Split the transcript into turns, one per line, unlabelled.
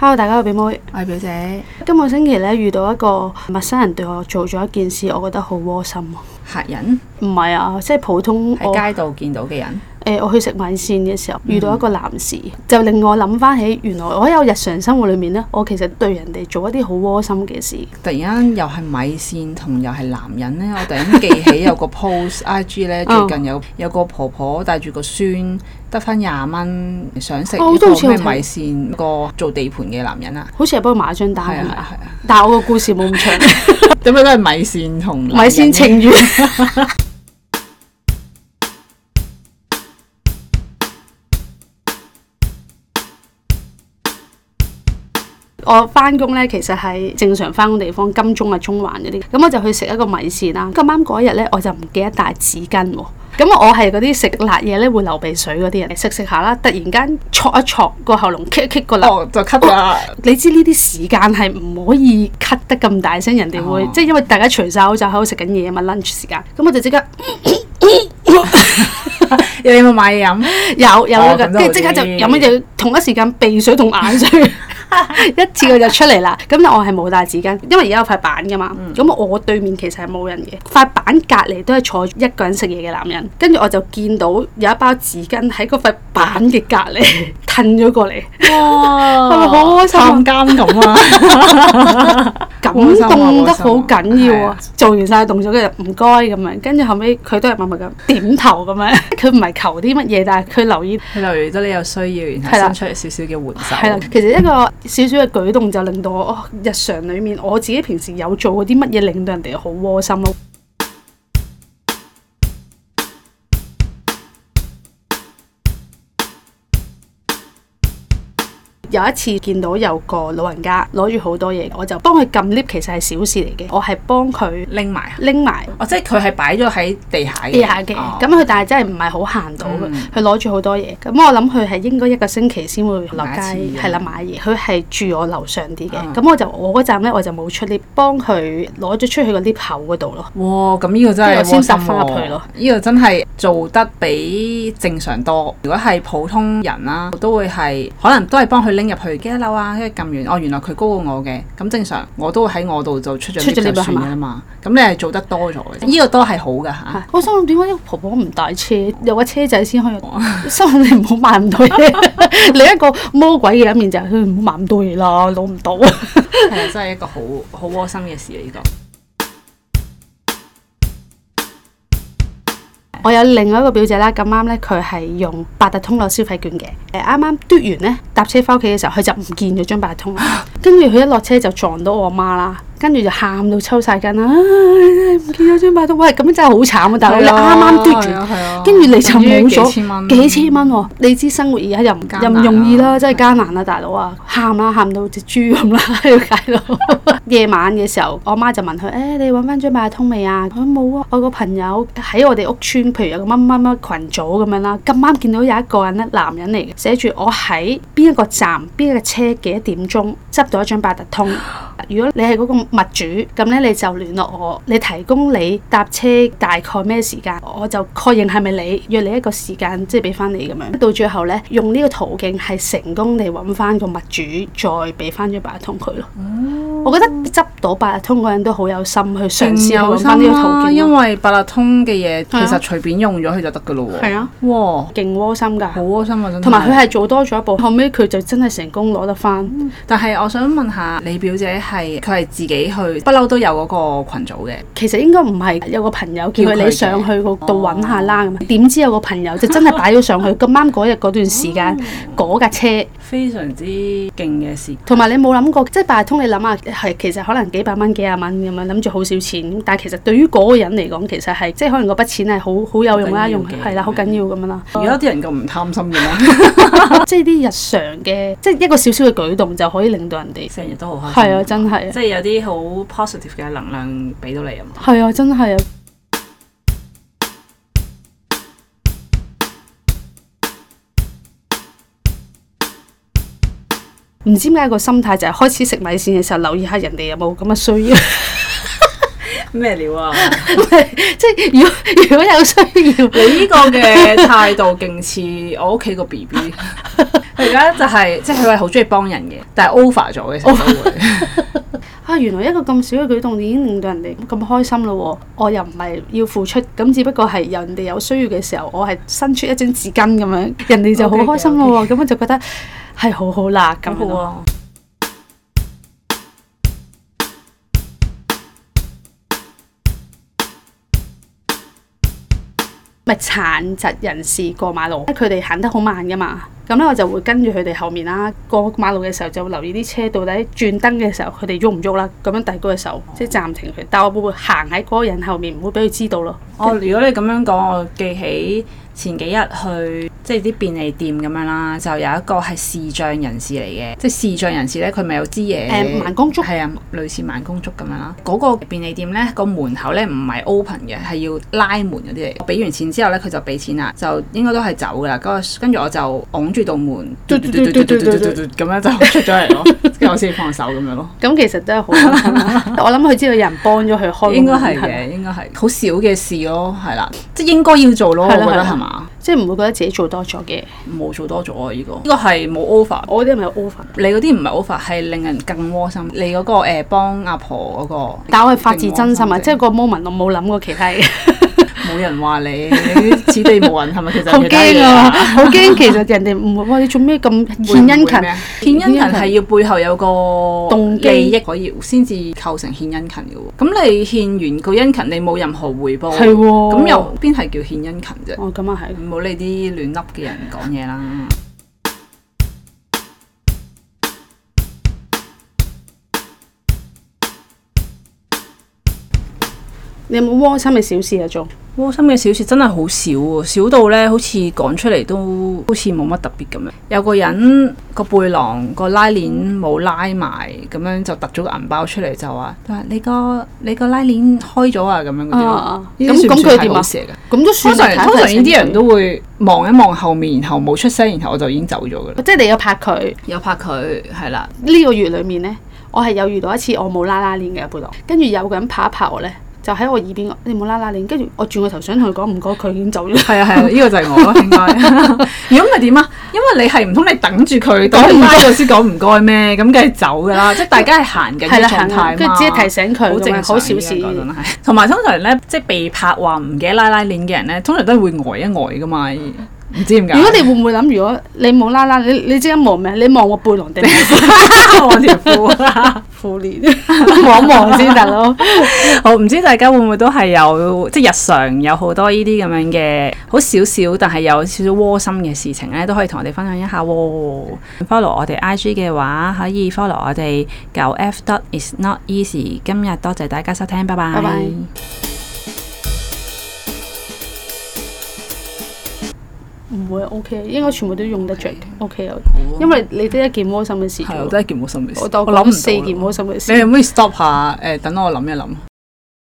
Hello 大家好，表妹，我係表姐。今個星期呢，遇到一個陌生人對我做咗一件事，我覺得好窩心。客人？唔係啊，即係普通喺街度見到嘅人。誒，我去食米線嘅時候遇到一個男士，就令我諗翻起原來我有日常生活裏面呢，我其實對人哋做一啲好窩心嘅事。突然間又係米線
同又係男人呢。我突然記起有個 post IG 呢 最近有有個婆婆帶住個孫得翻廿蚊，想食啲咩米線，個做地盤嘅男人啊，哦、
好似係幫佢買張單、啊。啊啊、但係我個故事冇咁長，
點解 都係米線同米線情緣
我翻工咧，其實係正常翻工地方，金鐘啊、中環嗰啲。咁、嗯、我就去食一個米線啦。咁啱嗰一日咧，我就唔記得帶紙巾喎。咁我係嗰啲食辣嘢咧會流鼻水嗰啲人，食食下啦，突然間戳一戳個喉嚨，咳一咳個喉就咳啦。你知呢啲時間係唔可以咳得咁大聲，人哋會即係因為大家除晒口罩喺度食緊嘢嘛，lunch 時間。咁我就即刻有冇買嘢飲？ 有有一即、哦、 刻就飲咗就同一時間鼻水同眼水。 一次佢就出嚟啦，咁我係冇帶紙巾，因為而家有塊板噶嘛。咁、嗯、我對面其實係冇人嘅，塊板隔籬都係坐一個人食嘢嘅男人。跟住我就見到有一包紙巾喺嗰塊板嘅隔籬褪咗過嚟。
哇！係咪好開心探監咁啊！樣啊
感動得好緊要啊！做完晒動作嘅唔該咁樣，跟住後尾，佢都係默默咁點頭咁樣。佢唔係求啲乜嘢，但係佢留意， 佢留意到你有需要，然後伸出的少少嘅援手。係啦，其實一個。 少少嘅舉動就令到我、哦、日常裏面我自己平時有做過啲乜嘢，令到人哋好窩心咯。有一次見到有個老人家攞住好多嘢，我就幫佢撳 lift，其實係小事嚟嘅。我係幫佢拎埋，拎埋、哦哦，即係佢係擺咗喺地下嘅。地下嘅，咁佢、哦、但係真係唔係好行到嘅。佢攞住好多嘢，咁我諗佢係應該一個星期先會落街，係啦買嘢。佢係住我樓上啲嘅，咁、嗯、我就我嗰站咧我就冇出 lift，幫佢攞咗出去個 lift 口嗰度咯。哇、哦，咁呢個真係窩心喎。呢個真係做得比
正常多。如果係普通人啦、啊，我都會係可能都係幫佢。拎入去幾多樓啊？跟住撳完，哦，原來佢高過我嘅，咁正常，我都喺我度就出咗呢筆錢嘅嘛。咁你係做得多咗，嘅
的，呢個都係好嘅嚇、啊。我心諗點解呢個婆婆唔帶車，有個車仔先可以講。哇心諗 你唔好買唔到嘢，另一個魔鬼嘅一面就係佢唔好買唔到嘢啦，攞唔到。
係啊，真係一個好好窩心嘅事嚟，依、這個。
我有另外一個表姐啦，咁啱咧佢係用八達通攞消費券嘅，誒，啱啱嘟完咧，搭車返屋企嘅時候，佢就唔見咗張八達通啦，跟住佢一落車就撞到我媽啦。跟住就喊到抽晒筋啦！唉、哎，真、哎、唔見咗張八達通，喂，咁樣真係好慘啊！大佬，啊、你啱啱跌，跟住、啊啊、你就冇咗幾千蚊喎、啊！你知生活而家又唔、啊、又唔容易啦，艱啊、真係艱難啊，大佬啊！喊啦對，喊到好似豬咁啦，喺度大到夜晚嘅時候，我媽就問佢：誒、哎，你揾翻張八達通未啊？我冇啊！我個朋友喺我哋屋村，譬如有個乜乜乜群組咁樣啦，咁啱見到有一個人咧，男人嚟嘅，寫住我喺邊一個站，邊一個車，個車幾多點鐘執到一張八達通。如果你係嗰個物主，咁咧你就聯絡我，你提供你搭車大概咩時間，我就確認係咪你約你一個時間，即係俾翻你咁樣。到最後咧，用呢個途徑係成功地揾翻個物主，再俾翻張八達通佢咯。嗯、我覺得執到八達通個人都好有心去嘗試揾翻呢個途徑。因為八達通嘅嘢其實
隨便用咗佢就得㗎咯喎。係
啊，哇，勁窩心㗎，好窩心啊！同埋佢係做多咗一步，後尾佢就真係成功攞得翻。但係我想問下你表姐。係，佢係自己去，不嬲都有嗰個羣組嘅。其實應該唔係有個朋友叫佢，你上去嗰度揾下啦。Oh. 點知有個朋友就真係擺咗上去，咁啱嗰日嗰段時間 Oh. 嗰架車。
非常之勁嘅事，同
埋你冇諗過，即係八達通你，你諗下係其實可能幾百蚊、幾廿蚊咁樣，諗住好少錢，但係其實對於嗰個人嚟講，其實係即係可能嗰筆錢係好好有用啦，用係啦，好緊要咁樣啦。而家啲人咁唔貪心嘅咧， 即係啲日常嘅，即係一個小小嘅舉動就可
以令到人哋成日都好開心。係啊，真係，即係有啲好 positive 嘅能量俾到你啊！
係啊，真係啊！唔知點解個心態就係開始食米線嘅時候，留意下人哋有冇咁嘅需要。咩料啊？即係 如，如果有需要， 你依個嘅態度
勁似我屋企個 B B。佢而家就係即係佢係好中意幫人嘅，但係 over 咗嘅社會時
候會。啊， 原來一個咁少嘅舉動已經令到人哋咁開心咯喎！我又唔係要付出，咁只不過係人哋有需要嘅時候，我係伸出一張紙巾咁樣，人哋就好開心咯喎！咁 Okay, okay. 我就覺得。係好好啦，咁 好啊。咪 殘疾人士過馬路，佢哋行得好慢噶嘛。咁呢，我就會跟住佢哋後面啦。過馬路嘅時候，就會留意啲車到底轉燈嘅時,時候，佢哋喐唔喐啦。咁樣遞高隻手，即係暫停佢。但係我會行喺嗰個人後面，唔會俾佢知道咯。哦，如果你咁樣講，我記起前幾日去
即係啲便利店咁樣啦，就有一個係視障人士嚟嘅，即係視障人士咧，佢咪有支嘢，誒盲公竹，係啊，類似盲公竹咁樣啦。嗰、那個便利店咧，個門口咧唔係 open 嘅，係要拉門嗰啲嚟。我俾完錢之後咧，佢就俾錢啦，就應該都係走噶啦。嗰、那個、跟住我就擋住道門，咁 樣就出咗嚟咯。跟住我先放手咁
樣咯。咁 其實真係好， 我諗佢知道有人幫咗佢開門應。應該係嘅，應該係好少嘅事咯，哦，係啦，即係應該要做咯，我覺得係嘛，吧即係唔會覺得自
己做多咗嘅。冇做多咗啊。呢、這個，呢、這個係冇 over。我啲係咪有 over？你嗰啲唔係 over，係
令人更窩心。 你嗰、那個誒、呃、幫阿婆嗰、那個，但我係發自真心啊，心即係個 moment 我冇諗過其他嘢。 冇人
話你，你此地無
銀係咪？ 是是其實其好驚啊！好驚，其實人哋唔會話你做咩咁獻殷勤。獻殷勤係要背後有個動機、利益
可以先至構成獻殷勤嘅喎。
咁你獻完個殷
勤，你冇任何回報，係喎。咁又邊係叫獻殷勤啫？哦，咁啊係。唔好、哦、你啲亂笠嘅人講嘢啦。 你有冇窩心嘅小事啊？做？窩心嘅小事真係好少喎，少到咧好似講出嚟都好似冇乜特別咁樣。有個人個背囊個拉鍊冇拉埋，咁樣就揼咗個銀包出嚟就話：你個你個拉鍊開咗啊！咁樣嗰啲，咁咁佢點啊？咁都算。通常看一看一看通常啲人都會望一望後面，然後冇出聲，然後我就已經走咗㗎啦。
即係你有拍佢，有拍佢，係啦。呢個月裡面咧，我係有遇到一次我冇拉拉鍊嘅背囊，跟住有個人拍一拍我咧。就喺我耳邊，你冇拉拉鏈，跟住我轉個頭想同佢講唔該，佢已經走咗。係啊係啊，呢、這個就係我囉。應該。如果唔係點啊？因為你係唔通你等住佢講唔該，我
先講唔該咩？咁梗係走噶啦，即係大家係行緊嘅狀態嘛。跟住、嗯、只係提醒佢，好正好小事。同埋通常咧，即係被拍話唔記得拉拉鏈嘅人咧，通常都係會呆一呆噶嘛。唔知點解？如果你
會唔會諗？如果你冇啦啦，你你即刻望咩？你望我背囊定 我條褲褲鏈？望一望先得咯。 好，唔知大家會
唔會都係有即係日常有多這這好多呢啲咁樣嘅好少少，但係有少少窩心嘅事情咧，都可以同我哋分享一下、哦。Follow 我哋 IG 嘅話，可以 follow 我哋 9F dot is not easy。今日多謝大家收聽，拜拜。Bye bye. Bye bye.
唔會 o、okay, k 應該全部都用得着。嘅的，OK, okay. 啊，因為你得一件窩心嘅事，係我得一件窩心嘅事。我諗四件窩心嘅
事，你可唔可以 stop 下？誒， 等我諗一諗。